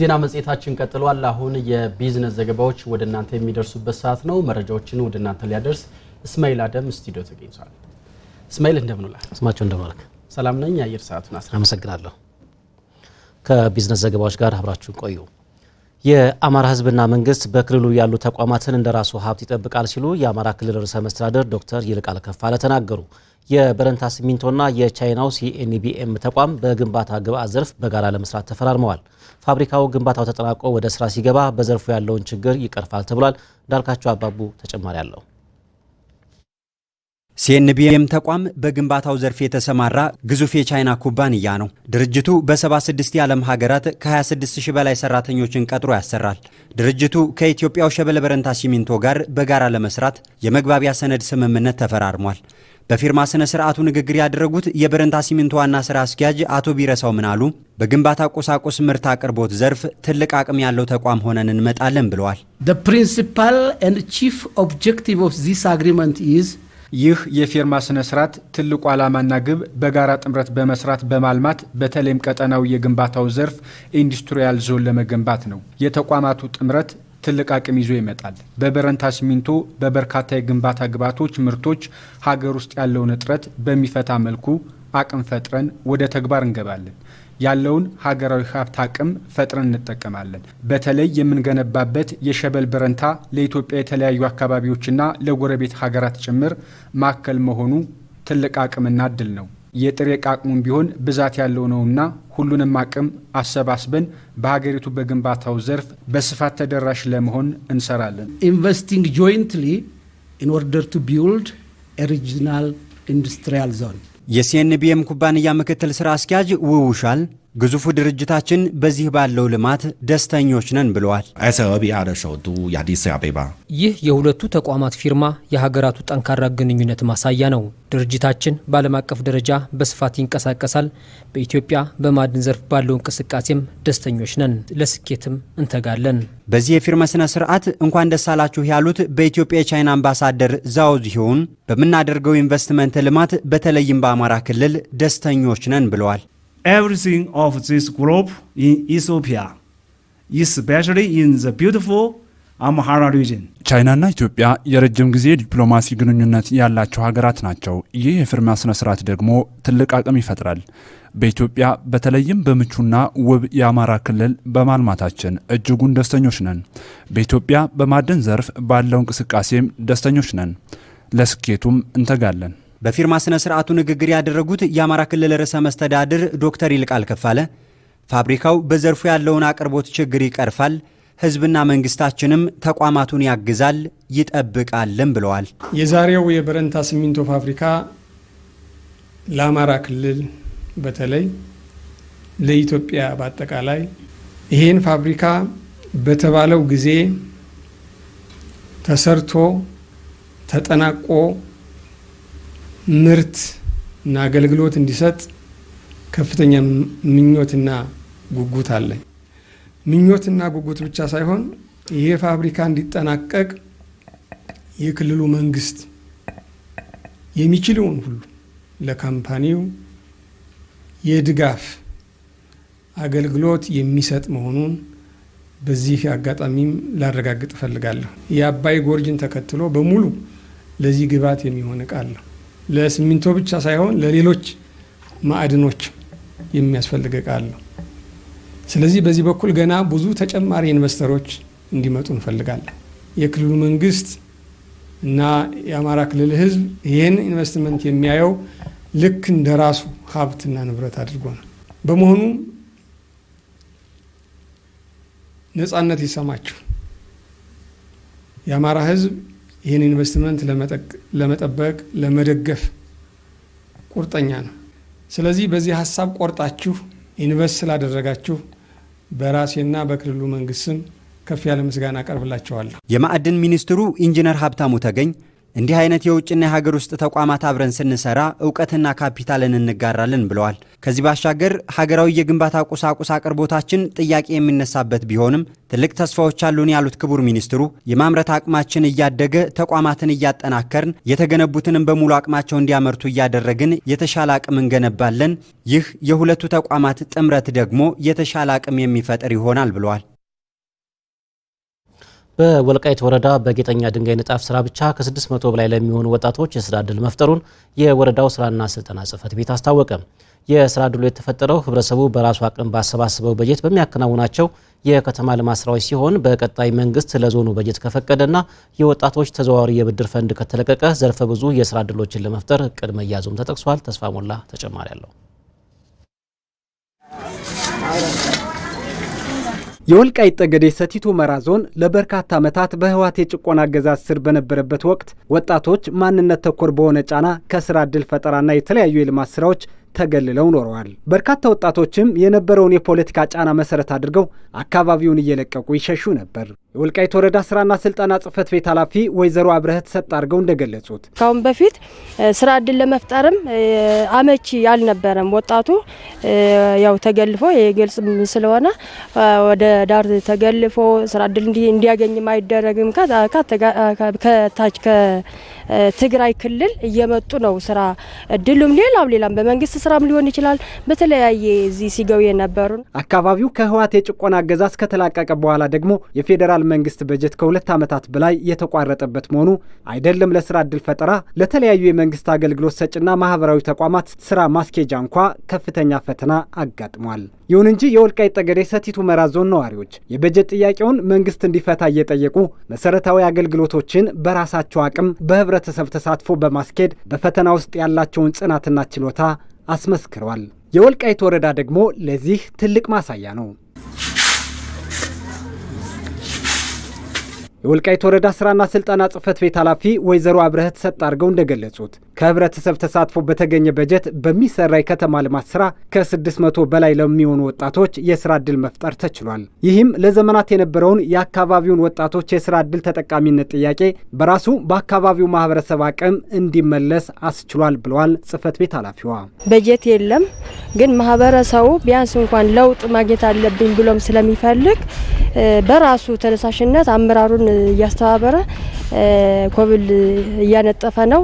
ዜና መጽሔታችን ቀጥሏል። አሁን የቢዝነስ ዘገባዎች ወደ እናንተ የሚደርሱበት ሰዓት ነው። መረጃዎችን ወደ እናንተ ሊያደርስ እስማኤል አደም ስቱዲዮ ተገኝቷል። እስማኤል እንደምንላል። ስማቸው እንደማልክ ሰላም ነኝ። የአየር ሰዓቱን አስ አመሰግናለሁ። ከቢዝነስ ዘገባዎች ጋር አብራችሁን ቆዩ። የአማራ ህዝብና መንግስት በክልሉ ያሉ ተቋማትን እንደ ራሱ ሀብት ይጠብቃል ሲሉ የአማራ ክልል ርዕሰ መስተዳደር ዶክተር ይልቃል ከፋለ ተናገሩ። የበረንታ ሲሚንቶና የቻይናው ሲኤንቢኤም ተቋም በግንባታ ግብአት ዘርፍ በጋራ ለመስራት ተፈራርመዋል። ፋብሪካው ግንባታው ተጠናቆ ወደ ስራ ሲገባ በዘርፉ ያለውን ችግር ይቀርፋል ተብሏል። እንዳልካቸው አባቡ ተጨማሪ አለው። ሲኤንቢኤም ተቋም በግንባታው ዘርፍ የተሰማራ ግዙፍ የቻይና ኩባንያ ነው። ድርጅቱ በ76 የዓለም ሀገራት ከ26 በላይ ሰራተኞችን ቀጥሮ ያሰራል። ድርጅቱ ከኢትዮጵያው ሸበል በረንታ ሲሚንቶ ጋር በጋራ ለመስራት የመግባቢያ ሰነድ ስምምነት ተፈራርሟል። በፊርማ ስነ ስርዓቱ ንግግር ያደረጉት የበረንታ ሲሚንቶ ዋና ስራ አስኪያጅ አቶ ቢረሳው ምናሉ በግንባታ ቁሳቁስ ምርት አቅርቦት ዘርፍ ትልቅ አቅም ያለው ተቋም ሆነን እንመጣለን ብለዋል። The principal and chief objective of ይህ የፊርማ ስነ ስርዓት ትልቁ ዓላማና ግብ በጋራ ጥምረት በመስራት በማልማት በተለይም ቀጠናዊ የግንባታው ዘርፍ ኢንዱስትሪያል ዞን ለመገንባት ነው። የተቋማቱ ጥምረት ትልቅ አቅም ይዞ ይመጣል። በበረንታ ሲሚንቶ በበርካታ የግንባታ ግብዓቶች ምርቶች ሀገር ውስጥ ያለውን እጥረት በሚፈታ መልኩ አቅም ፈጥረን ወደ ተግባር እንገባለን። ያለውን ሀገራዊ ሀብት አቅም ፈጥረን እንጠቀማለን። በተለይ የምንገነባበት የሸበል በረንታ ለኢትዮጵያ የተለያዩ አካባቢዎችና ለጎረቤት ሀገራት ጭምር ማዕከል መሆኑ ትልቅ አቅምና እድል ነው። የጥሬ ዕቃ አቅሙም ቢሆን ብዛት ያለው ነውና ሁሉንም አቅም አሰባስበን በሀገሪቱ በግንባታው ዘርፍ በስፋት ተደራሽ ለመሆን እንሰራለን። ኢንቨስቲንግ ጆይንትሊ ኢን ኦርደር ቱ ቢውልድ ኦሪጂናል ኢንዱስትሪያል ዞን የሲኤንቢኤም ኩባንያ ምክትል ስራ አስኪያጅ ውውሻል ግዙፉ ድርጅታችን በዚህ ባለው ልማት ደስተኞች ነን ብለዋል። ይህ የሁለቱ ተቋማት ፊርማ የሀገራቱ ጠንካራ ግንኙነት ማሳያ ነው። ድርጅታችን በዓለም አቀፍ ደረጃ በስፋት ይንቀሳቀሳል። በኢትዮጵያ በማዕድን ዘርፍ ባለው እንቅስቃሴም ደስተኞች ነን፣ ለስኬትም እንተጋለን። በዚህ የፊርማ ስነ ስርዓት እንኳን ደስ አላችሁ ያሉት በኢትዮጵያ የቻይና አምባሳደር ዛው ዚሁን በምናደርገው ኢንቨስትመንት ልማት በተለይም በአማራ ክልል ደስተኞች ነን ብለዋል። everything of this group in Ethiopia, especially in the beautiful አምሃራ ሪጅን ቻይናና ኢትዮጵያ የረጅም ጊዜ ዲፕሎማሲ ግንኙነት ያላቸው ሀገራት ናቸው። ይህ የፊርማ ስነ ስርዓት ደግሞ ትልቅ አቅም ይፈጥራል። በኢትዮጵያ በተለይም በምቹና ውብ የአማራ ክልል በማልማታችን እጅጉን ደስተኞች ነን። በኢትዮጵያ በማደን ዘርፍ ባለው እንቅስቃሴም ደስተኞች ነን። ለስኬቱም እንተጋለን። በፊርማ ስነ ስርዓቱ ንግግር ያደረጉት የአማራ ክልል ርዕሰ መስተዳድር ዶክተር ይልቃል ከፋለ ፋብሪካው በዘርፉ ያለውን አቅርቦት ችግር ይቀርፋል፣ ህዝብና መንግስታችንም ተቋማቱን ያግዛል ይጠብቃልም ብለዋል። የዛሬው የበረንታ ሲሚንቶ ፋብሪካ ለአማራ ክልል በተለይ ለኢትዮጵያ በአጠቃላይ ይህን ፋብሪካ በተባለው ጊዜ ተሰርቶ ተጠናቆ ምርት እና አገልግሎት እንዲሰጥ ከፍተኛ ምኞትና ጉጉት አለኝ። ምኞትና ጉጉት ብቻ ሳይሆን ይሄ ፋብሪካ እንዲጠናቀቅ የክልሉ መንግስት የሚችለውን ሁሉ ለካምፓኒው የድጋፍ አገልግሎት የሚሰጥ መሆኑን በዚህ አጋጣሚም ላረጋግጥ እፈልጋለሁ። የአባይ ጎርጅን ተከትሎ በሙሉ ለዚህ ግብዓት የሚሆን እቃ ለሲሚንቶ ብቻ ሳይሆን ለሌሎች ማዕድኖች የሚያስፈልግ ቃል ነው። ስለዚህ በዚህ በኩል ገና ብዙ ተጨማሪ ኢንቨስተሮች እንዲመጡ እንፈልጋለን። የክልሉ መንግስት እና የአማራ ክልል ህዝብ ይህን ኢንቨስትመንት የሚያየው ልክ እንደ ራሱ ሀብትና ንብረት አድርጎ ነው። በመሆኑ ነጻነት ይሰማችሁ የአማራ ህዝብ ይህን ኢንቨስትመንት ለመጠበቅ ለመደገፍ ቁርጠኛ ነው። ስለዚህ በዚህ ሀሳብ ቆርጣችሁ ኢንቨስት ስላደረጋችሁ በራሴና በክልሉ መንግስት ስም ከፍ ያለ ምስጋና አቀርብላችኋለሁ። የማዕድን ሚኒስትሩ ኢንጂነር ሀብታሙ ተገኝ እንዲህ አይነት የውጭና የሀገር ውስጥ ተቋማት አብረን ስንሰራ እውቀትና ካፒታልን እንጋራለን ብለዋል። ከዚህ ባሻገር ሀገራዊ የግንባታ ቁሳቁስ አቅርቦታችን ጥያቄ የሚነሳበት ቢሆንም ትልቅ ተስፋዎች አሉን ያሉት ክቡር ሚኒስትሩ የማምረት አቅማችን እያደገ ተቋማትን እያጠናከርን የተገነቡትንም በሙሉ አቅማቸው እንዲያመርቱ እያደረግን የተሻለ አቅም እንገነባለን። ይህ የሁለቱ ተቋማት ጥምረት ደግሞ የተሻለ አቅም የሚፈጥር ይሆናል ብለዋል። በወልቃይት ወረዳ በጌጠኛ ድንጋይ ንጣፍ ስራ ብቻ ከ600 በላይ ለሚሆኑ ወጣቶች የስራ ድል መፍጠሩን የወረዳው ስራና ስልጠና ጽህፈት ቤት አስታወቀ። የስራ ድሎ የተፈጠረው ህብረተሰቡ በራሱ አቅም ባሰባስበው በጀት በሚያከናውናቸው የከተማ ልማት ስራዎች ሲሆን በቀጣይ መንግስት ለዞኑ በጀት ከፈቀደና የወጣቶች ተዘዋዋሪ የብድር ፈንድ ከተለቀቀ ዘርፈ ብዙ የስራ ድሎችን ለመፍጠር እቅድ መያዙም ተጠቅሷል። ተስፋ ሞላ ተጨማሪ አለው። የወልቃይት ጠገዴ ሰቲት ሁመራ ዞን ለበርካታ ዓመታት በህወሓት የጭቆና አገዛዝ ስር በነበረበት ወቅት ወጣቶች ማንነት ተኮር በሆነ ጫና ከስራ ዕድል ፈጠራና የተለያዩ የልማት ስራዎች ተገልለው ኖረዋል። በርካታ ወጣቶችም የነበረውን የፖለቲካ ጫና መሰረት አድርገው አካባቢውን እየለቀቁ ይሸሹ ነበር። የወልቃይት ወረዳ ስራና ስልጠና ጽህፈት ቤት ኃላፊ ወይዘሮ አብረህት ሰጥ አድርገው እንደገለጹት ካሁን በፊት ስራ እድል ለመፍጠርም አመቺ አልነበረም። ወጣቱ ያው ተገልፎ የግልጽ ስለሆነ ወደ ዳር ተገልፎ ስራ እድል እንዲያገኝም አይደረግም። ከታች ከትግራይ ክልል እየመጡ ነው ስራ እድሉም ሌላም ሌላም በመንግስት ስራም ሊሆን ይችላል። በተለያየ እዚህ ሲገቡ የነበሩ አካባቢው ከህወሓት የጭቆና አገዛዝ ከተላቀቀ በኋላ ደግሞ የፌዴራል የፌዴራል መንግስት በጀት ከሁለት ዓመታት በላይ የተቋረጠበት መሆኑ አይደለም ለስራ እድል ፈጠራ ለተለያዩ የመንግስት አገልግሎት ሰጭና ማህበራዊ ተቋማት ስራ ማስኬጃ እንኳ ከፍተኛ ፈተና አጋጥሟል። ይሁን እንጂ የወልቃይት ጠገዴ ሰቲት ሁመራ ዞን ነዋሪዎች የበጀት ጥያቄውን መንግስት እንዲፈታ እየጠየቁ መሰረታዊ አገልግሎቶችን በራሳቸው አቅም በህብረተሰብ ተሳትፎ በማስኬድ በፈተና ውስጥ ያላቸውን ጽናትና ችሎታ አስመስክረዋል። የወልቃይት ወረዳ ደግሞ ለዚህ ትልቅ ማሳያ ነው። የወልቃይት ወረዳ ስራና ስልጠና ጽህፈት ቤት ኃላፊ ወይዘሮ አብረህት ሰጥ አድርገው እንደገለጹት ከህብረተሰብ ተሳትፎ በተገኘ በጀት በሚሰራ የከተማ ልማት ስራ ከ600 በላይ ለሚሆኑ ወጣቶች የስራ ዕድል መፍጠር ተችሏል። ይህም ለዘመናት የነበረውን የአካባቢውን ወጣቶች የስራ ዕድል ተጠቃሚነት ጥያቄ በራሱ በአካባቢው ማህበረሰብ አቅም እንዲመለስ አስችሏል ብለዋል ጽህፈት ቤት ኃላፊዋ። በጀት የለም ግን ማህበረሰቡ ቢያንስ እንኳን ለውጥ ማግኘት አለብኝ ብሎም ስለሚፈልግ በራሱ ተነሳሽነት አመራሩን እያስተባበረ ኮብል እያነጠፈ ነው።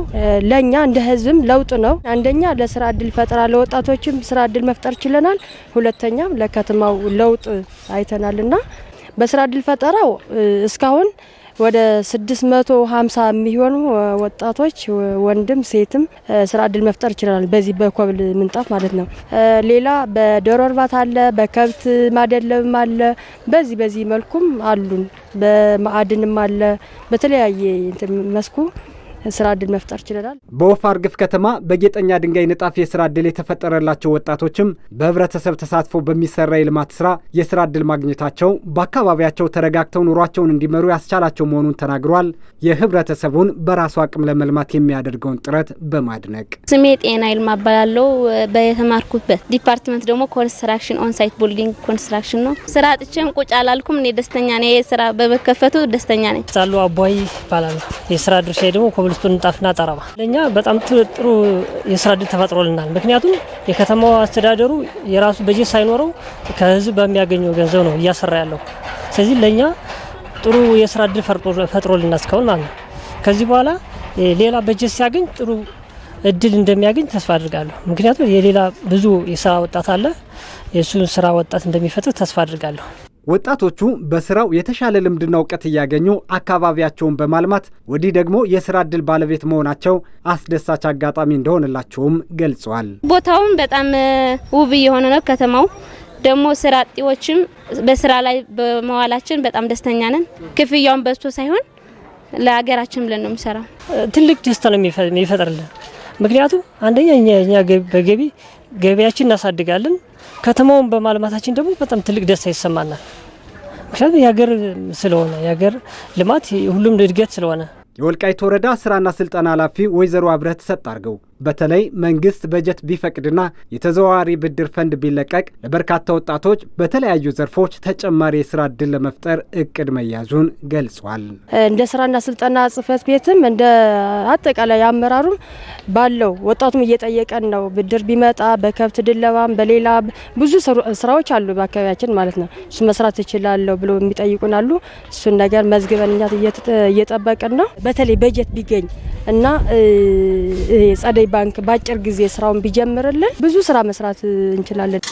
ለእኛ እንደ ህዝብም ለውጥ ነው። አንደኛ ለስራ እድል ፈጠራ ለወጣቶችም ስራ እድል መፍጠር ችለናል። ሁለተኛም ለከተማው ለውጥ አይተናልና በስራ እድል ፈጠራው እስካሁን ወደ 650 የሚሆኑ ወጣቶች ወንድም ሴትም ስራ እድል መፍጠር ይችላል። በዚህ በኮብል ምንጣፍ ማለት ነው። ሌላ በዶሮ እርባታ አለ፣ በከብት ማደለብም አለ። በዚህ በዚህ መልኩም አሉን። በማዕድንም አለ በተለያየ መስኩ ስራ እድል መፍጠር ችለናል። በወፋር ግፍ ከተማ በጌጠኛ ድንጋይ ንጣፍ የስራ እድል የተፈጠረላቸው ወጣቶችም በህብረተሰብ ተሳትፎ በሚሰራ የልማት ስራ የስራ እድል ማግኘታቸው በአካባቢያቸው ተረጋግተው ኑሯቸውን እንዲመሩ ያስቻላቸው መሆኑን ተናግሯል። የህብረተሰቡን በራሱ አቅም ለመልማት የሚያደርገውን ጥረት በማድነቅ ስሜ ጤና ይልማ እባላለሁ። በተማርኩበት ዲፓርትመንት ደግሞ ኮንስትራክሽን ኦንሳይት ቡልዲንግ ኮንስትራክሽን ነው። ስራ አጥቼም ቁጭ አላልኩም። እኔ ደስተኛ ነኝ። ስራ በመከፈቱ ደስተኛ ነኝ። ሳሉ አቧይ ይባላል። የስራ ድርሻ ደግሞ የኮብልስቶን ንጣፍና ጠረባ ለእኛ በጣም ጥሩ የስራ እድል ተፈጥሮልናል። ምክንያቱም የከተማው አስተዳደሩ የራሱ በጀት ሳይኖረው ከህዝብ በሚያገኘው ገንዘብ ነው እያሰራ ያለው። ስለዚህ ለእኛ ጥሩ የስራ እድል ፈጥሮልና እስካሁን ማለት ነው። ከዚህ በኋላ ሌላ በጀት ሲያገኝ ጥሩ እድል እንደሚያገኝ ተስፋ አድርጋለሁ። ምክንያቱም የሌላ ብዙ የስራ ወጣት አለ። የእሱን ስራ ወጣት እንደሚፈጥር ተስፋ አድርጋለሁ። ወጣቶቹ በስራው የተሻለ ልምድና እውቀት እያገኙ አካባቢያቸውን በማልማት ወዲህ ደግሞ የስራ እድል ባለቤት መሆናቸው አስደሳች አጋጣሚ እንደሆነላቸውም ገልጸዋል። ቦታውን በጣም ውብ እየሆነ ነው። ከተማው ደግሞ ስራ ጢዎችም በስራ ላይ በመዋላችን በጣም ደስተኛ ነን። ክፍያውን በዝቶ ሳይሆን ለሀገራችን ብለን ነው የሚሰራ። ትልቅ ደስታ ነው የሚፈጥርልን። ምክንያቱም አንደኛ እኛ በገቢ ገቢያችን እናሳድጋለን ከተማውን በማልማታችን ደግሞ በጣም ትልቅ ደስታ ይሰማናል። ምክንያቱም የሀገር ስለሆነ የሀገር ልማት ሁሉም እድገት ስለሆነ የወልቃይት ወረዳ ስራና ስልጠና ኃላፊ ወይዘሮ አብረህ ሰጥ አድርገው በተለይ መንግስት በጀት ቢፈቅድና የተዘዋዋሪ ብድር ፈንድ ቢለቀቅ ለበርካታ ወጣቶች በተለያዩ ዘርፎች ተጨማሪ የስራ እድል ለመፍጠር እቅድ መያዙን ገልጿል። እንደ ስራና ስልጠና ጽህፈት ቤትም እንደ አጠቃላይ አመራሩም ባለው ወጣቱም እየጠየቀን ነው። ብድር ቢመጣ በከብት ድለባም በሌላ ብዙ ስራዎች አሉ በአካባቢያችን ማለት ነው። እሱ መስራት እችላለሁ ብሎ የሚጠይቁን አሉ። እሱን ነገር መዝግበን እኛ እየጠበቅን ነው። በተለይ በጀት ቢገኝ እና ጸደይ ባንክ በአጭር ጊዜ ስራውን ቢጀምርልን ብዙ ስራ መስራት እንችላለን።